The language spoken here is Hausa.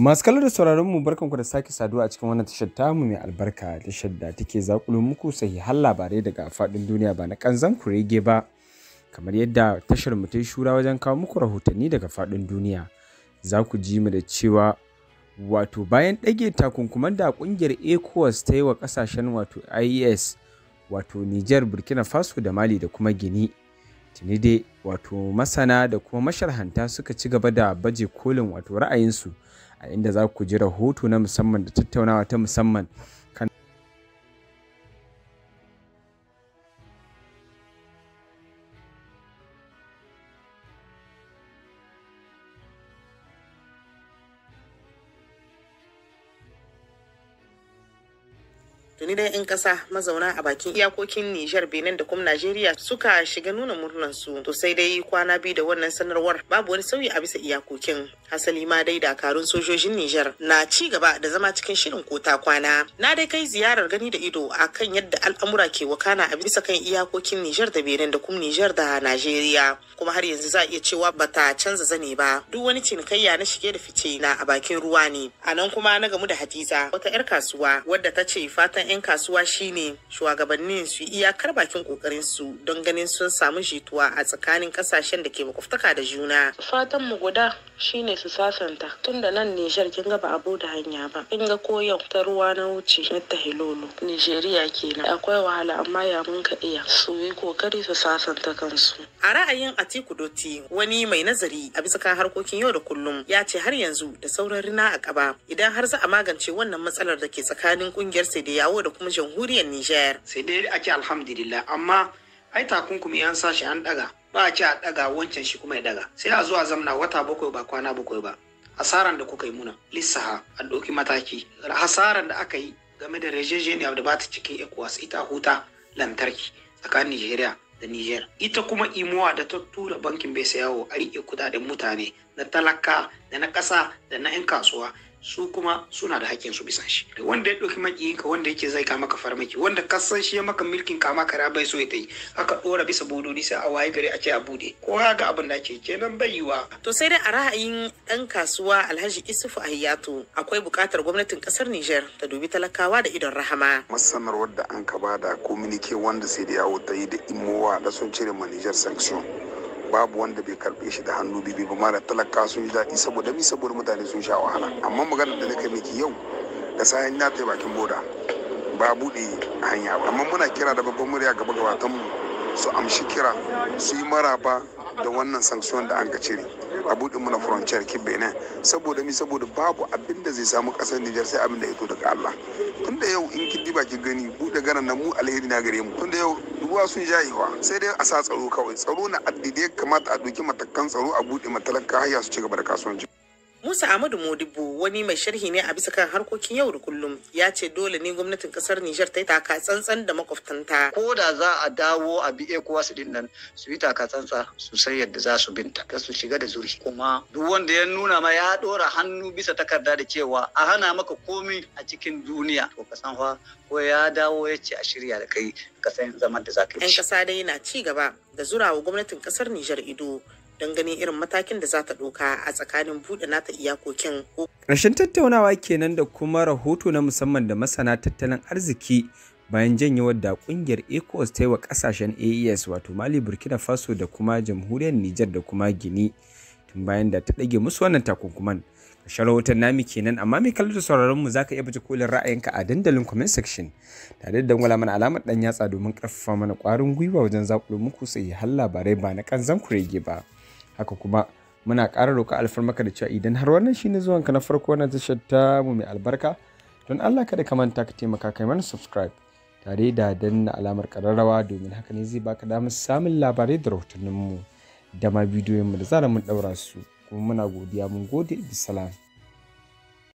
Masu kallon da sauraron mu barkanku da sake saduwa a cikin wannan tashar tamu mai albarka tashar da take zakulo muku sahihan labarai daga faɗin duniya ba na kanzan kurege ba kamar yadda tashar mu ta shura wajen kawo muku rahotanni daga faɗin duniya za ku ji mu da cewa wato bayan dage takunkuman da kungiyar ECOWAS ta yi wa kasashen wato IES wato Niger Burkina Faso da Mali da kuma Gini tuni dai wato masana da kuma masharhanta suka ci gaba da baje kolin wato ra'ayinsu a inda za ku ji rahoto na musamman da tattaunawa ta musamman tuni dai 'yan ƙasa mazauna a bakin iyakokin Nijar Benin da kuma Najeriya suka shiga nuna su to sai dai kwana biyu da wannan sanarwar babu wani sauyi a bisa iyakokin hasali ma dai dakarun sojojin Nijar na ci gaba da zama cikin shirin kota kwana na dai kai ziyarar gani da ido akan yadda al'amura ke wakana a bisa kan iyakokin Nijar da Benin da kuma Nijar da Najeriya kuma har yanzu za a iya cewa bata canza zane ba duk wani cinikayya na shige da fice na a bakin ruwa ne a nan kuma na gamu da Hadiza wata 'yar kasuwa wadda ta ce fatan 'yan kasuwa shine shugabannin su iyakar bakin kokarin su don ganin sun samu jituwa a tsakanin kasashen da ke makwabtaka da juna. Fatan mu guda shine su sasanta tun da nan Nijar kin ga ba abu da hanya ba. Kin ga ko ta ruwa na wuce na hilolo. Nijeriya kenan. Akwai wahala amma ya mun ka iya su yi kokari su sasanta kansu. A ra'ayin Atiku Doti wani mai nazari a bisa kan harkokin yau da kullum ya ce har yanzu da sauran rina a kaba idan har za a magance wannan matsalar da ke tsakanin kungiyar sai da yawo Togo da kuma jamhuriyar Nijar. Sai dai ake alhamdulillah amma ai takunkumi an sashi an daga ba a ce a daga wancan shi kuma ya daga sai a zuwa zamna wata bakwai ba kwana bakwai ba hasaran da kuka yi muna lissaha a ɗauki mataki hasaran da aka yi game da rejejeniya da ba ta cikin ecowas ita huta lantarki tsakanin nigeria da niger ita kuma imowa da ta tura bankin bai sayawo a riƙe kudaden mutane na talaka da na ƙasa da na 'yan kasuwa su kuma suna da hakkin su bisan shi wanda ya ɗauki ka wanda yake zai kama ka farmaki wanda ka san shi ya maka milkin kama kara bai so ya yi aka ɗora bisa bododi sai a waye gari a ce a bude ko ga abin da ake kenan bai yiwa. to sai dai a ra'ayin ɗan kasuwa alhaji isufu ahiyatu akwai buƙatar gwamnatin ƙasar nijar ta dubi talakawa da idon rahama. masanar wadda an ka ba da kominike wanda sai da yawo ta yi da imowa da sun cire ma niger sanction babu wanda bai karbe shi da hannu bibi ba mara talaka sun yi daɗi saboda mi saboda mutane sun sha wahala amma maganar da nake miki yau da sayan na ta bakin boda ba buɗe hanya ba amma muna kira da babban murya gaba gabatan mu su amshi kira su yi maraba da wannan sanction da an ka cire a buɗe mana frontier ki benin saboda mi saboda babu abin da zai samu ƙasar nijar sai abin da ya to daga allah tun da yau in kin diba ki gani buɗe ganan na mu alheri na gare mu tun da yau ruwa sun jayewa sai dai a sa tsaro kawai tsaro na ya kamata a doki matakan tsaro a buɗe matalaka haya su ci gaba da kasuwanci Musa Ahmadu Modibo wani mai sharhi ne a bisa kan harkokin yau da kullum ya ce dole ne gwamnatin kasar Nijar ta yi taka tsantsan da makwabtanta. Ko da za a dawo a bi ECOWAS din nan su yi taka tsantsa su san yadda za su binta ka su shiga da zurfi. Kuma duk wanda ya nuna ma ya dora hannu bisa takarda da cewa a hana maka komi a cikin duniya to ka san fa ko ya dawo ya ce a shirya da kai ka san zaman da za ka yi. 'Yan kasa dai na ci gaba da zurawa gwamnatin kasar Nijar ido. don ganin irin matakin da za ta ɗauka a tsakanin buɗe nata iyakokin. Ƙarshen tattaunawa kenan da kuma rahoto na musamman da masana tattalin arziki bayan janyewar da ƙungiyar ECOWAS ta yi wa kasashen AES wato Mali, Burkina Faso da kuma jamhuriyar Nijar da kuma Gini tun bayan da ta ɗage musu wannan takunkuman. Ƙarshen rahoton nami kenan amma mai kallon da sauraron mu ka iya baje kolin ra'ayinka a dandalin comment section tare da dangwala mana alamar dan yatsa domin ƙarfafa mana ƙwarin gwiwa wajen zaƙulo muku sai har labarai ba na kanzan kurege ba. haka kuma muna ƙara roƙa alfarmaka da cewa idan har wannan shine zuwan ka na farko na tashar ta mu mai albarka don Allah kada ka manta ka taimaka kai mana subscribe tare da danna alamar ƙararrawa domin haka ne zai baka damar samun labarai da rahotannin mu da ma bidiyon mu da za mu daura su kuma muna godiya mun gode bisalam